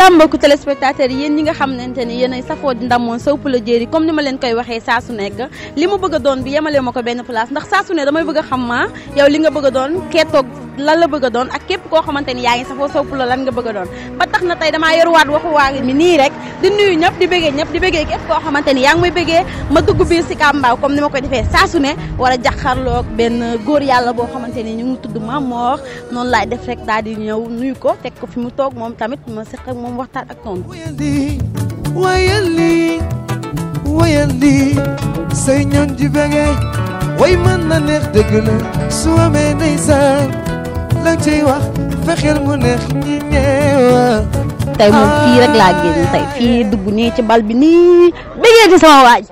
salaam mbokku téléspectateurs yéen ñi nga xamante ni yéen ay safoo ndamoon sow pula jéeri comme ni ma leen koy waxee saa su nekk li mu bëgg a doon bi yemale ma ko benn place ndax saa su ne damay bëgg a xam maa yow li nga bëgg a doon kee toog lan la bëgg doon ak képp koo xamante ni yaa ngi safoo sopp la lan nga bëgg a doon ba tax na tey damaa yoruwaat waxu waa mi nii rek di nuyu ñëpp di bëggee ñëpp di bëggee képp koo xamante ni yaa ngi may bëggee ma dugg biir si Kambaaw comme ni ma koy defee saa ne war a jaxarloog benn góor yàlla boo xamante ni ñu ngi tudd Mamor noonu laay def rek daal di ñëw nuyu ko teg ko fi mu toog moom tamit ma seq ak moom waxtaan ak tontu wayal lii say ñoon ji bëgge way mën na neex dëgg la su amee ndeysaan la nga ciy wax fexeel mu neex ñi ñeewa tey moom rek laa génn tey fii dugg nii ci bal bi nii bëggee ci sama waj.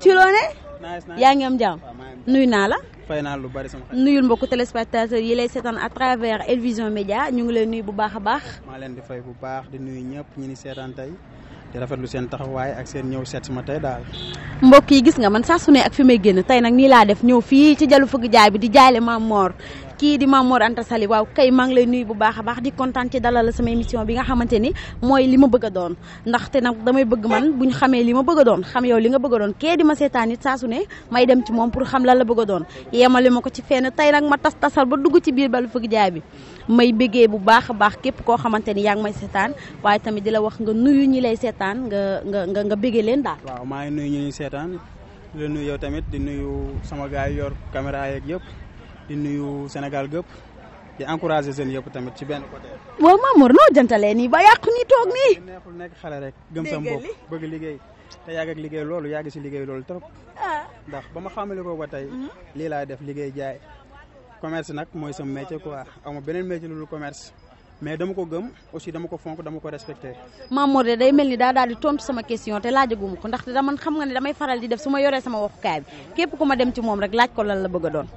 ci loone yaa ngi am jàmm nuyu naa la faynal lu bari sama xarit nuyul mbokku téléspectateur yi lay sétan à travers Elvision Média ñu ngi lay bu baax baax di fay bu baax di nuyu ñëpp ñi ni seetaan tay di rafetlu seen taxawaay ak seen ñëw seet ma tey daal mbokk yi gis nga man saa su ak fi may génn tey nag nii def ñëw fii ci jalu fëgg jaay bi di jaale ki di Mamour Anta Sali waaw kay maa ngi lay nuyu bu baakha a baax di kontaan ci dalal sama émission bi nga xamanteni moy lima bëgg doon ndax té nak damay bëgg man buñ xamé lima bëgg doon xam yow li nga bëgg doon ké di ma sétani sa su may dem ci mom pour xam la la bëgg doon ma ko ci fenn tay nak ma tass tassal ba dugg ci biir balu jaay bi may bëggé bu baakha baax képp ko xamanteni ni may seetaan waye tamit dila wax nga nuyu ñi lay nga nga nga nga bëggé len daal waaw may nuyu ñi di nuyu yow tamit di nuyu sama gaay yor caméra ak yépp di nuyu Sénégal gëpp di encourager jeunes yëpp tamit ci benn côté. waaw Mamour noo jantalee nii ba yàq ñi toog nii. neexul nekk xale rek. gëm sam bopp bëgg liggéey. te yàgg ak liggéey loolu yàgg si liggéey loolu trop. Ah. ndax ba ma xamale koo ba tey. Mm-hmm. lii laay def liggéey jaay. commerce nag mooy sama métier quoi aw ma beneen métier lu commerce. mais dama ko gëm aussi dama ko fonk dama ko respecté. Mamour de day mel ni daa daal di tontu sama question te laajaguma ko ndax ndaxte dama xam nga ne damay faral di def su ma yoree sama waxukaay bi képp ku dem ci moom rek laaj ko lan la bëgg a doon.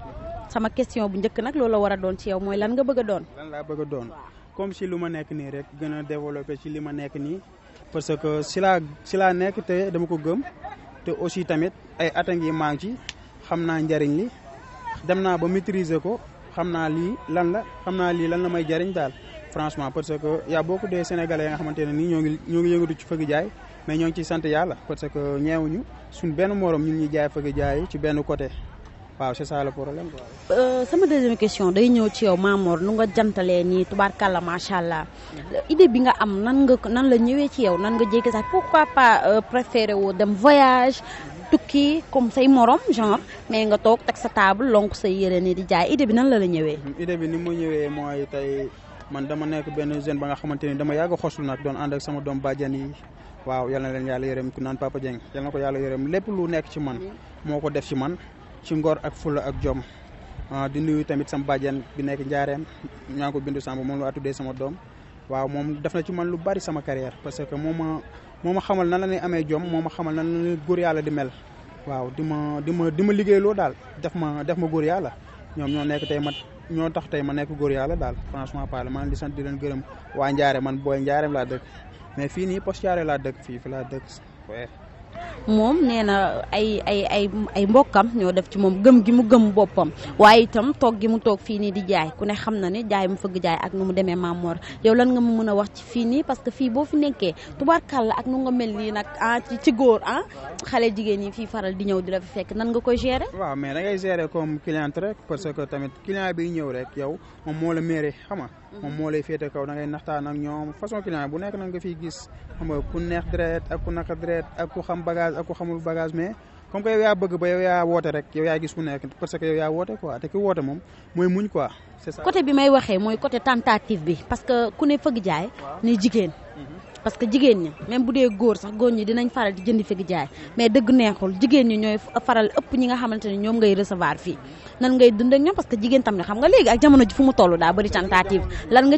sama question bu njëkk nag loola war a doon ci yow mooy lan nga bëgg doon. lan laa bëgg a doon comme si lu ma nekk nii rek gën a développé ci li ma nekk nii. parce que si laa si laa nekk te dama ko gëm te aussi tamit ay at a ngi maa ngi ci xam naa njariñ li dem naa ba maîtriser ko xam naa lii lan la xam naa lii lan la may jariñ daal. franchement parce que y' a beaucoup de sénégalais nga xamante ne nii ñoo ngi ñoo ngi yëngatu ci fëgg jaay mais ñoo ngi ciy sant yàlla parce que ñeewuñu suñ benn morom ñun ñuy jaay fëgg jaay ci benn côté. waaw c'est ça le euh, sama deuxième question day ñëw ci yow Mamor nu nga jantalee nii tubaarkàlla macha allah mm-hmm. idée bi nga am nan nga nan la ñëwee ci yow nan nga jékki sax pourquoi pas euh, préféré woo dem voyage tukki comme say morom genre mais nga toog teg sa table lonk say yére nii di jaay idée bi nan la la ñëwee. Mm-hmm. idée bi ni mu ñëwee mooy tey man dama nekk benn jeune ba nga xamante ni dama yàgg xoslu nag doon ànd ak sama doom bàjjan yi waaw yal na leen yàlla yërëm ku naan Papa Dieng yal ko yàlla yërëm lépp lu nekk ci man mm-hmm. moo ko def ci man. ci ngor ak fulu ak jom ah, di nuyu tamit sama bàjjan bi nek ndiarem ñango bindu samb mom laa tuddee sama dom waaw mom def na ci man lu bari sama carrière parce que moma moma xamal nan la ñuy jom moma xamal nan la ñuy góor di mel waaw di dima di ma lo dal def ma def ma gor yalla ñom ñoo nek tay ma ñoo tax tay ma nek gor yalla dal franchement parle man di sant di len gëreum wa ndiarem man boy ndiarem la dekk mais fi ni post la dekk fi fi laa moom nee na ay ay ay mbokkam ñoo def ci moom gëm gi mu gëm boppam waaye itam toog gi mu toog fii nii di jaay ku ne xam na ne jaay mu fëgg jaay ak nu mu demee Mamor yow lan nga mu mën a wax ci fii nii parce que fii boo fi nekkee tubaarkàlla ak nu nga mel nii nag ah ci góor ah xale jigéen ñi fii faral di ñëw di la nan nga koy gérer. waaw mais da ngay gérer comme client rek parce que tamit ñëw rek yow moom moo la méré xam nga mm-hmm. moom moo lay féete kaw da ngay naxtaan ak ñoom façon client bu nekk na nga fi gis xam nga ku neex deret ak ku xam bagage ak ku xamul bagage mais comme que yow yaa bëgg ba yow yaa woote rek yow yaa gis ku nekk parce que yow yaa woote quoi te ki woote moom mooy muñ quoi c'est bi may waxee mooy côté tentative bi parce que ku ne fëgg jaay ni jigéen mhm. parce que jigéen ñi même bu dee góor sax góor ñi dinañ faral di jëndi fëgg jaay mais dëgg neexul jigéen ñi ñooy faral ëpp ñi nga xamante ne ñoom ngay recevoir fii mhm. nan ngay dund ak ñoom parce que jigéen tam ne xam nga léegi ak jamono ji fu mu toll daa bëri tentative lan ko.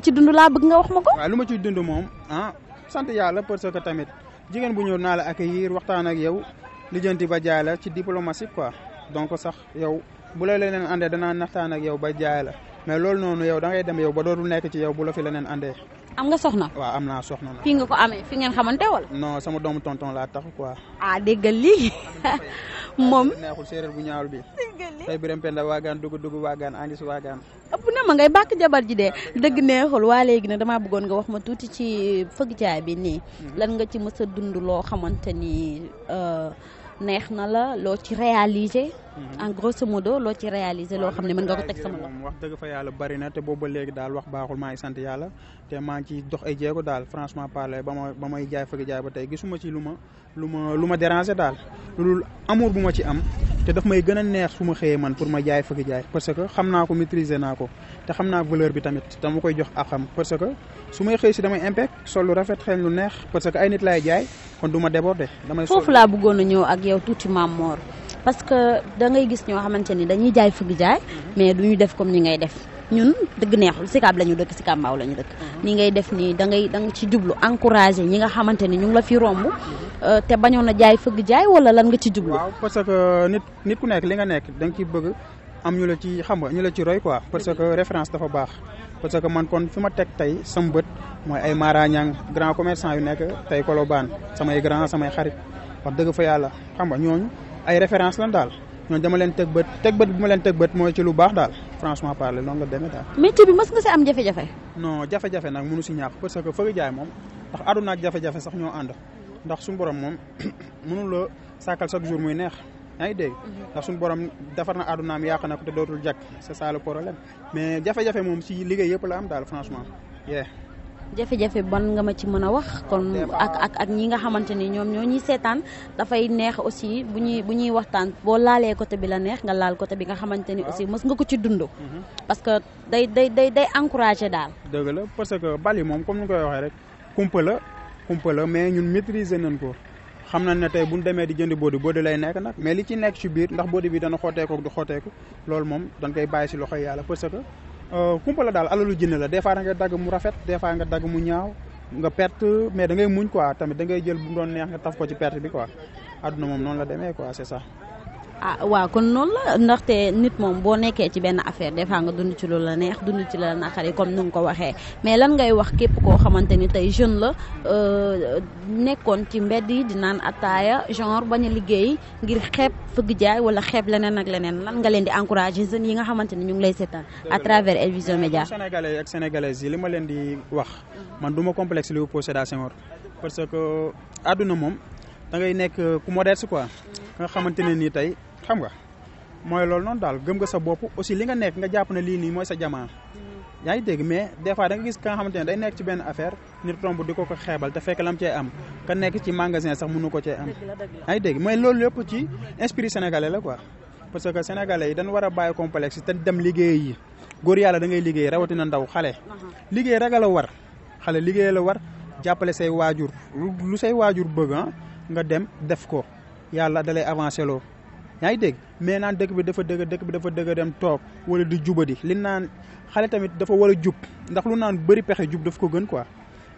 ma ciy dund moom ah, sant yàlla parce que tamit jigéen bu ñëw naa la accueillir waxtaan ak yow lijjanti ba jaay la ci diplomatique quoi donc sax yow bu la leneen àndee danaa naxtaan ak yow ba jaay la mais loolu noonu yow dangay dem yow ba dootul nekk ci yow bu la fi leneen àndee am nga soxna. waaw am naa soxna. fii nga ko amee fi ngeen xamante wala. non sama doomu tonton laa tax quoi. ah déggal lii moom. neexul séeréer bu ñaaw bi. déggal lii tey biram penda waagaan dugg dugg waagaan angis waagaan. ëpp na ma ngay bàkk jabar ji de dëgg neexul waa léegi ne damaa bëggoon nga wax ma tuuti ci fëgg jaay bi nii. Hmm. lan nga ci mës a dund loo xamante ni. Euh, neex na la loo ci réaliser. Mhm. en grosso modo loo ci réaliser loo xam ne mën nga ko teg sama loxo. wax dëgg fa yàlla bari na te booba léegi daal wax baaxul maa ngi sant yàlla te maa ngi ciy dox ay jéego daal franchement parler ba ma ba may jaay fëgg jaay ba tey gisuma ci lu lu ma lu ma déranger daal loolu ma ci am te daf may gën a neex su ma xëyee man pour ma jaay fëgg jaay parce que xam naa ko maîtriser naa ko te xam naa valeur bi tamit dama koy jox ak xam parce que su may xëy si damay impact sol lu rafet xeeñ lu neex parce que ay nit laay jaay. kon du ma déborder damay. foofu laa bëggoon a ñëw ak yow tuuti maam Mor parce que da ngay gis ñoo xamante ni dañuy jaay fëgg jaay. Mhm. mais du ñu def comme ni ngay def. ñun dëgg neexul Sicap la ñu dëkk si Mbao la ñu dëkk. Mhm. ni ngay def nii da ngay da nga ci jublu encouragé ñi nga xamante ni ñu ngi la fi romb. Mhm. Euh, te bañoon a jaay fëgg jaay wala lan nga ci jublu. waaw parce que euh, nit nit ku nekk li nga nekk da nga bëgg. am ñu la ci xam nga ñu la ci roy quoi parce que référence dafa baax parce que man kon fi ma teg tey sam bët mooy ay maarañang grand commerçant yu nekk tey kolobaan samay grand samay xarit wax dëgg fa yàlla xam nga ñooñu ay référence lan daal ñooñu dama leen teg bët teg bët bu ma leen teg bët mooy ci lu baax daal franchement parler noonu la demee daal. métier bi mës nga si am jafe-jafe. non jafe-jafe nag mënu si ñàkk parce que fëgg jaay moom ndax aduna ak jafe-jafe sax ñoo ànd ndax suñu borom moom mënul la sàkkal chaque jour muy neex yaa ngi dégg mhm. ndax suñu borom defar na àddunaam yàq na ko te dootul jàkk c'est ça le mais jafe-jafe moom si liggéey yëpp la am daal franchement yeah jafe-jafe ban nga ma ci mën a wax kon ak ak ak ñi nga xamante ni ñoom ñoo ñuy seetaan dafay neex aussi bu ñuy bu ñuy waxtaan boo laalee côté bi la neex nga laal côté bi nga xamante ni aussi mës nga ko ci dund mhm. parce que day day day day encouragé daal dëgg la parce que bal moom comme ni koy waxee rek kumpa la kumpa mais ñun maîtriser nañ ko xam nañ ne tey bu ñu demee di jëndi body body lay nekk nag mais li ci nekk ci biir ndax body bi dana xooteeku ak du xooteeku loolu moom dañ koy bàyyi si loxoy yàlla parce que euh, kumpa la daal alalu jinne la des fois da dagg mu rafet des fois nga dagg mu ñaaw nga perte mais dangay muñ quoi tamit da ngay jël bu mu doon neex nga taf ko ci perte bi quoi adduna moom noonu la demee quoi c'est ça ah waaw kon noonu la ndaxte nit moom boo nekkee ci benn affaire des fois nga dund ci lu la neex dund ci la naqari comme nu nga ko waxee mais lan ngay wax képp koo xamante ni tey jeune la euh, nekkoon ci mbedd yi di naan ataaya genre bañ a liggéey ngir xeeb fëgg jaay wala xeeb leneen ak leneen lan nga leen di encourager jeunes yi nga xamante ni ñu ngi lay seetaan à travers El Vision Média sénégalais ak sénégalaises yi li ma leen di wax man duma ma complexe li opposé à Senghor parce que àdduna moom da ngay nekk ku modeste quoi nga xamante ne nii xam nga mooy loolu noonu daal gëm nga sa bopp aussi li nga nekk nga jàpp na lii nii mooy sa jamaa mm. yaa ngi dégg mais des fois da nga gis ka nga xamante ne day nekk ci benn affaire nit tomb di ko ko xeebal te fekk lam cee am ka nekk ci magasin sax mënu ko cee am yaa ngi dégg mais loolu lépp ci inspiré sénégalais la quoi parce que sénégalais yi dañ war a bàyyi complexe te dem liggéey yi góor yàlla da ngay liggéey na ndaw xale uh-huh. liggéey rek la war xale liggéey la war jàppale say waajur lu say waajur bëgg ah, nga dem def ko yàlla dalay avancé loo yaa ngi dégg mais naan dëkk bi dafa dëgg dëkk bi dafa dëgg dem toog wala di di li naan xale tamit dafa war a jub ndax lu naan bëri pexe jub daf ko gën quoi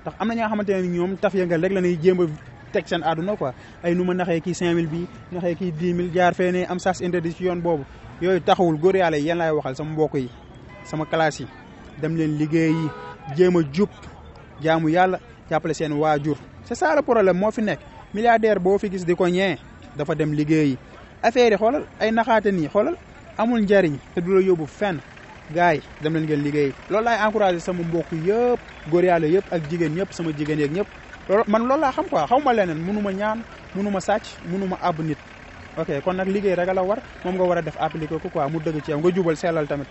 ndax am na ñoo xamante ne ñoom taf ya nga rek la ñuy jéem a teg seen àdduna quoi ay nu ma naxee ki kii mille bi naxee kii 10 000 jaar fee ne am sas interdit ci yoon boobu yooyu taxawul gor yàlla yéen laay waxal sama mbokk yi sama classe yi dem leen liggéeyi jéem a jub jaamu yàlla jàppale seen waajur c'est ça le moo fi nekk milliardaire boo fi gis di ko ñee dafa dem liggéeyi affaire yi xoolal ay naxaate nii xoolal amul njariñ te du la yóbbu fenn gaay dem leen ngeen liggéey loolu laay encouragé sama mbokk yëpp góor yàlla yëpp ak jigéen ñëpp sama jigéen yeeg ñëpp loolu man loolu laa xam quoi xawma ma leneen munu ñaan mënuma ma sàcc munu ma nit ok kon nag liggéey rek la war moom nga war a def appliqué ko quoi mu dëgg ci yow nga jubal sellal tamit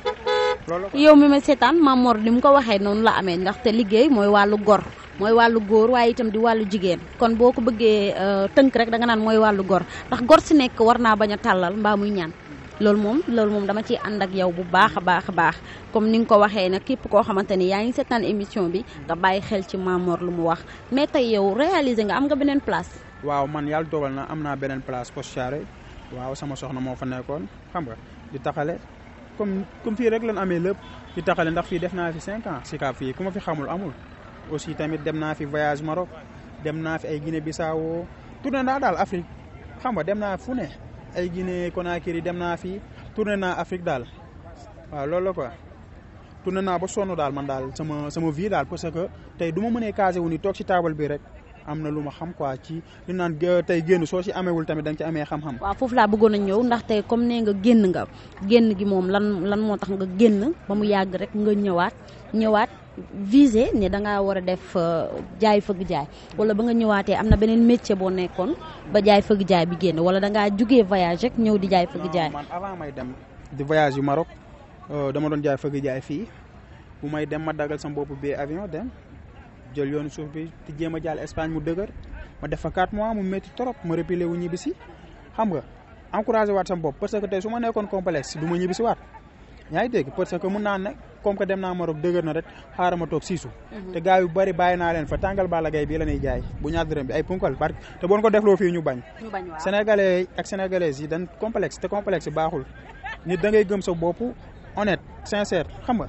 loolu yow mi ma seetaan Mamor ni mu ko waxee noonu la amee ndaxte liggéey mooy wàllu gor moy walu gor waye itam di walu jigen kon boko beugé teunk rek da nga nan moy walu gor ndax gor ci nek warna baña talal mba muy ñaan lol mom lol mom dama ci and ak yow bu baax baax baax comme ni nga ko waxé képp ko xamanteni ni ngi émission bi nga bàyyi xel ci Mamor lu mu wax mais tay yow réaliser nga am nga plus place. waaw man dogal na am benen place ko Thiaroye waaw sama soxna mo fa nekkon xam nga di taxale comme comme fi rek lan amé lepp di taxale ndax fi def fi 5 ans ci ka fi kuma fi xamul amul. aussi tamit dem naa fi voyage Maroc dem naa fi ay gine Bissau tourné naa daal Afrique xam nga dem naa fu ne ay gine Guinée yi dem naa fi tourné naa Afrique daal waaw loolu la quoi tourné naa ba sonn daal man daal sama sama vie daal parce que tey du ma mënee casé wu ni toog ci taabal bi rek am na lu ma xam quoi ci lu naan tey génn soo ci ameewul tamit da ci amee xam-xam. waaw foofu laa bëggoon a ñëw ndax tey comme nee nga génn nga génn gi moom lan lan moo tax nga génn ba yàgg rek nga ñëwaat ñëwaat. visé ne da ngaa war a def euh, jaay fëgg jaay wala ba nga ñëwaatee am na beneen métier boo nekkoon ba jaay fëgg jaay bi génn wala da ngaa jugee voyage rek ñëw di jaay fëgg jaay. man avant may dem di voyage yu Maroc euh, dama doon jaay fëgg jaay fii bu may dem ma dagal sama bopp bi avion dem jël yoon suuf bi te jéem a jàll Espagne mu dëgër ma def fa 4 mois mu métti trop ma repiler wu ñibbisi xam nga encouragé waat sama bopp parce que tey su ma nekkoon complexe du ma ñibbisi waat. yaa ngi dégg parce que mun naa ne comme que dem naa Maroc dëgër na rek xaaral ma toog siisu mhm. te gars yu bari bàyyi naa leen fa tàngal Balla Gaye bii la ñuy jaay bu ñaar dërëm bi ay punkal parce que te bon ko defloo fii ñu bañ sénégalais ak sénégalaises yi dañ complexe te complexe baaxul nit dangay ngay gëm sa bopp honnête sincère xam nga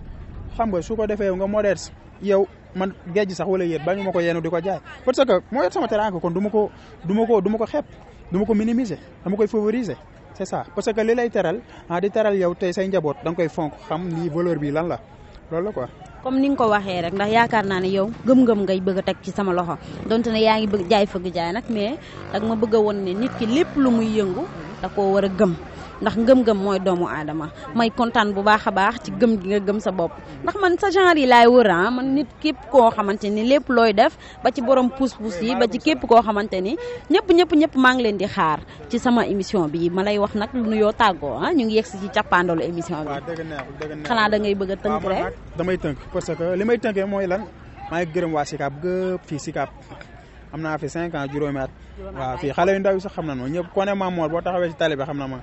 xam nga su ko defee nga modeste yow man géej sax wala yéen bañu ma ko yéenu di ko jaay parce que moo yor sama teraanga kon du ma ko duma ko du ko xeeb du ma ko minimiser dama koy favoriser c'est ça parce que li lay teral ah di teral yow tey say njaboot da koy fonk xam ni valeur bi lan la loolu la quoi. comme ni nga ko waxee rek ndax yaakaar naa ne yow gëm-gëm ngay bëgg a teg ci sama loxo donte ne yaa ngi bëgg jaay fëgg jaay nag mais dag ma bëgg a woon ne nit ki lépp lu muy yëngu da koo war a gëm. ndax ngëm-ngëm moy doomu adama may contane bu baakha baax ci gëm gi nga gëm sa bop ndax man sa genre yi wër han ah, man nit kep ko xamanteni ni loy def ba ci borom pous pous yi ba ci kep ko xamanteni ni ñepp ñepp ma ngi leen di xaar ci sama émission bi ma lay wax nak lu nuyoo tago han ah, ñu ngi yegsi ci cappaandalu émission bi xana da ngay bëgg teunk rek damay teunk parce que limay teunké moy lan may gërëm wa sikap gëpp fi sikap amna fi 5 ans juroomat wa fi xalé yu ndaw yu sax xamna na ñepp ñëpp ku ne Mamor boo taxawee ci talibé xamna ma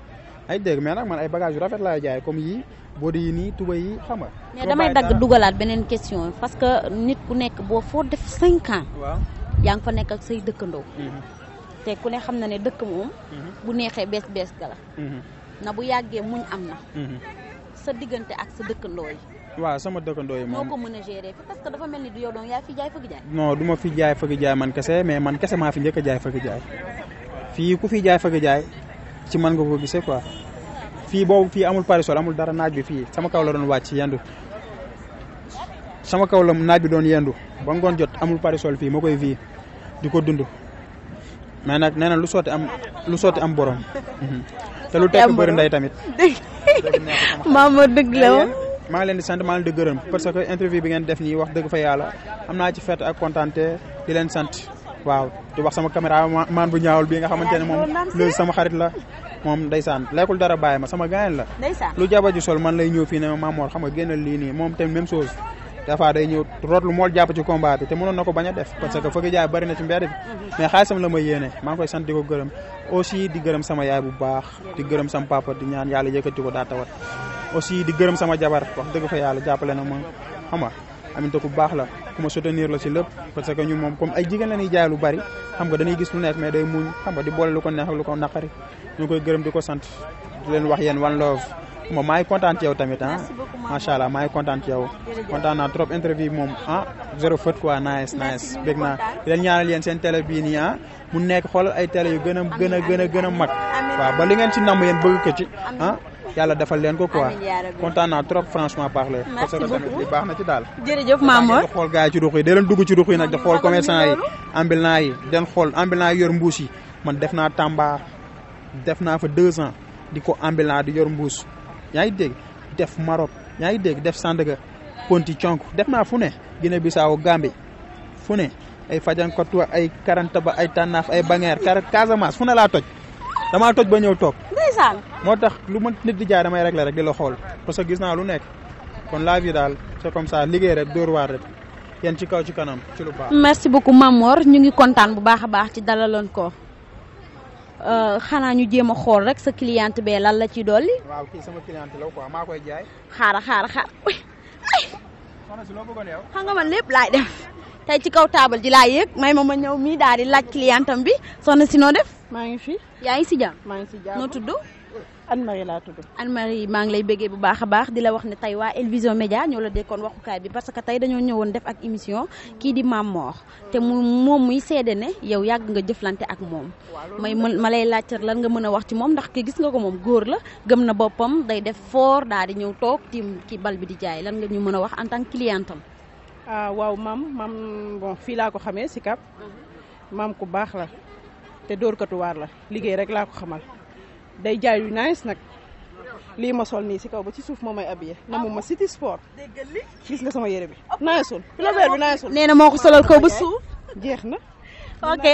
ay dégg mais nag man ay bagages yu rafet laay jaay comme yii boodi yi nii tuba yi xam nga. mais damay dagg dugalaat beneen question parce que nit ku nekk boo foo def cinq ans. yaa ngi fa nekk ak say dëkkandoo. Mhm. te ku ne xam na ne dëkk moom. Mhm. bu neexee bees bees ga la. Mhm. na bu yàggee muñ am na. sa diggante ak sa dëkkandoo yi. waaw sama dëkkandoo yi moom noo mën a parce que dafa mel ni du yow doon yaa fi jaay fëgg jaay. non du ma fi jaay fëgg jaay man kese mais man kese maa fi njëkk a jaay fëgg jaay fii ci man nga ko gisee quoi fi boobu fi amul parasol amul dara naaj bi fi sama kaw la doon wacc yandu sama kaw la naaj bi doon yandu ba ngon jot amul parasol fi ma koy vi di ko dund mais lusot lu soti am lu soti am borom mhm. te lu tek beur nday tamit mama deug la ma ngi di sant ma ngi leen di gërëm parce que interview bi ngeen def ni wax deug fa yalla am ci fete ak contenté di len sant waaw di wax sama caméra man bu ñaawul bi nga xamantene mom lu sama xarit la mom ndaysan lekul dara baye ma sama gaay la lu jaba ju sol man lay ñew fi ne ma mor xam nga gënal li ni mom tam même chose dafa day ñew lu mol japp ci combat bi te mënon nako baña def parce que fëgg jaay bari na ci mbéd mhm. mais xaalisam la may yéene ma ngi koy sant diko gëreum aussi di gëreum sama yaay bu baax di gëreum sama papa di ñaan yalla yëkëti ko da tawat aussi di gëreum sama jabar wax deug fa yalla jappalé na ma xam nga aminta baax la ku ma la si lépp parce que ñun moom comme ay jigéen la ñuy jaay lu bari xam nga dañuy gis lu nekk mais day muñ xam nga di boole lu ko neex lu ko naqari ñu koy gërëm di ko sant leen wax yéen one love moom maa ngi kontaan ci tamit ah macha allah maa ngi kontaan ci yow kontaan naa trop interview moom ah zéro faute quoi nice nice bég naa di leen ñaanal yéen seen télé bii nii ah mu nekk xool ay télé yu gën a gën a gën a gën a mag waaw ba li ngeen ci namm yéen bëgg yàlla defal leen ko quoi kontaan trop franchement parler parce que tamit baax na ci daal jërëjëf Mamor xool gaa yi ci ruux yi da dugg ci ruux yi nag da xool commerçant yi yi den xool ambulant yi yor mbuus yi man def naa Tamba def naa fa deux ans di ko ambulant di yor mbuus yaa ngi dégg def Maroc yaa ngi dégg def Sandaga Ponti Conk def naa fu ne Guinée Bissau Gambie fu ne ay fajankatu ay karantaba ay tànnaaf ay bangeer Casamance fu ne laa toj dama toj ba ñew tok ndeysaan. motax lu ma nit di jaay damay régler rek di la xol parce que gis na lu nekk kon la vie dal c'est comme ça liggéey rek door war rek yeen ci kaw ci kanam ci lu baax. merci beaucoup Mamor ñu ngi contane bu baaxa baax ci dalalon ko euh xana ñu jema xol rek sa cliente be lan la ci doli waaw ki sama cliente la quoi maa koy jaay. xara xara xara soxna ci lo bëggone yow. xanga nga man lépp laay def tay ci kaw table ji laa yek may ma ma ñëw mii daal di laaj clientam bi sonna sino def maa ngi fi. yaa ngi si jàmm. maa ngi si jàmm noo tudd. Anne Marie laa tudd. Anne Marie maa ngi lay bëggee bu baax a baax di la wax ne tey waa El Vision ñoo la dekkoon waxukaay bi parce que tey dañoo ñëwoon def ak émission kii di Mame Mor te mu moom muy seede ne yow yàgg nga jëflante ak moom. may mën ma lay laajte lan nga mën a wax ci moom ndax ki gis nga ko moom góor la gëm na boppam day def fort daal di ñëw toog tiim ki bal bi di jaay lan nga ñu mën a wax en tant que am. Ah, waaw maam maam bon fii laa ko xamee si mhm. maam ku baax la. te dóorkatu waar la liggéey rek laa ko xamal day jaay yu nice nag lii ma sol nii si kaw ba ci suuf ma may habillé namu ma city sport gis nga sama yére bi nice ul. bi nice ul nee na moo ko solal kaw ba suuf jeex na. ok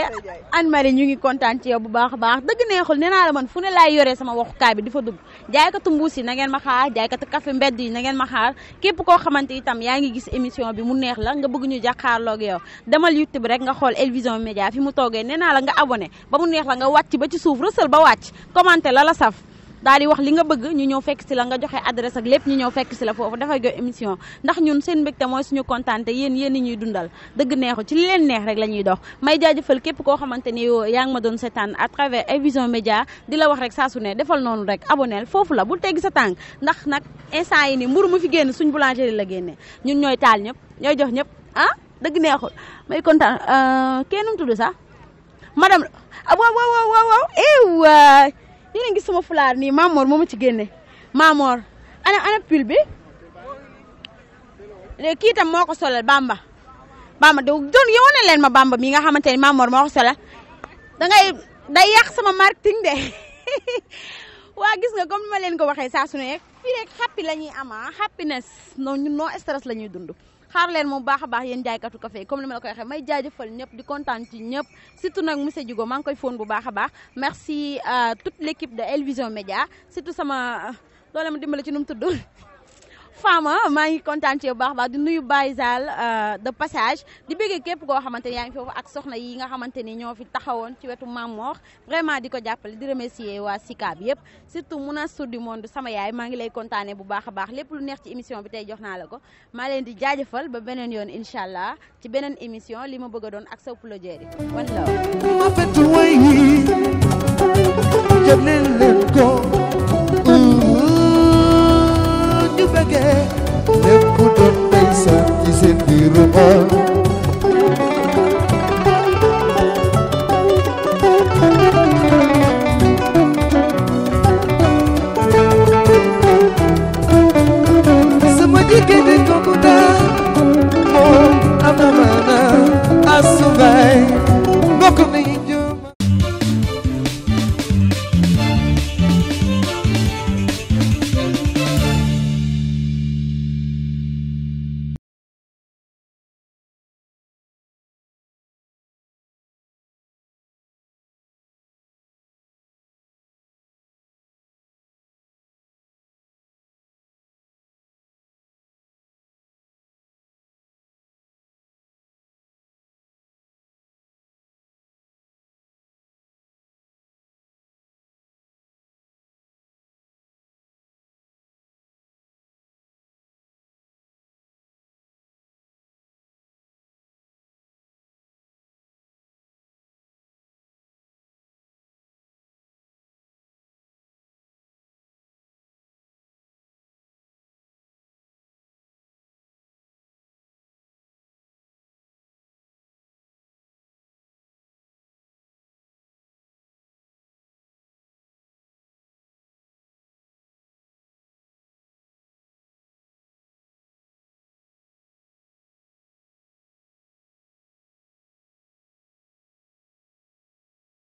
Anne Marie ñu ngi kontaan ci yow bu baax a baax dëgg neexul nee naa la man fu ne laay yoree sama waxukaay bi di fa dugg jaaykatu mbuus yi na ngeen ma xaar jaaykatu café mbedd yi na ma xaar képp koo xamante itam yaa ngi gis émission bi mu neex la nga bëgg ñu jàkkaarloo ak yow demal YouTube rek nga xool Elvision Média fi mu toogee nee naa la nga abonné ba mu neex la nga wàcc ba ci suuf rësal ba wàcc commenté la la saf daal di wax li nga bëgg ñu ñëw fekk si la nga joxe adresse ak lépp ñu ñëw fekk si la foofu dafay jox émission ndax ñun seen mbégte mooy suñu kontaan te yéen yéen ñuy dundal dëgg neexu ci li leen neex rek la ñuy dox may jaajëfal képp koo xamante ni yaa ngi ma doon seetaan à travers Vision Média di la wax rek saa su ne defal noonu rek aboneel foofu la bul teggi sa tànk ndax nag instant yi ni mburu mu fi génn suñ boulangerie la génne ñun ñooy taal ñëpp ñooy jox ñëpp ah dëgg neexul may kontaan euh, kenn mu tudd sax madame ah, waaw waaw waaw waaw eh, yéen a ngi sama fulaar nii Mamor moo ma ci génne Mamor ana ana pil bi léegi kii solal Bamba Bamba do doon yowone leen ma Bamba mi nga xamante Mamor moo ko solal da ngay day sama marketing de waa gis nga comme ni ma leen ko waxee saa su rek happy la ama ah, happiness no no stress la ñuy xaar leen mu baax a baax yéen jaaykatu café yi comme li ma la koy waxee may jaajëfal ñëpp di kontaan ci ñëpp surtout nag monsieur Djigo maa ngi koy fóon bu baax a baax merci à toute l' équipe de Elvision Vision Média surtout sama doole ma dimbale ci nu mu tudd femme ah, maa ngi kontaan ci bu baax baax di nuyu Baye Zal euh, de passage di bëggee képp koo xamante ne yaa ngi foofu ak soxna yi nga xamante ni ñoo fi taxawoon ci wetu Mamor vraiment di ko jàppale di remercier waa Sika bi yëpp surtout Mounas Tour du Monde sama yaay maa ngi lay kontaanee bu baax a baax lépp lu neex ci émission bi tey jox naa la ko maa leen di jaajëfal ba beneen yoon incha allah ci beneen émission li ma bëgg a doon ak soppala jeeri wan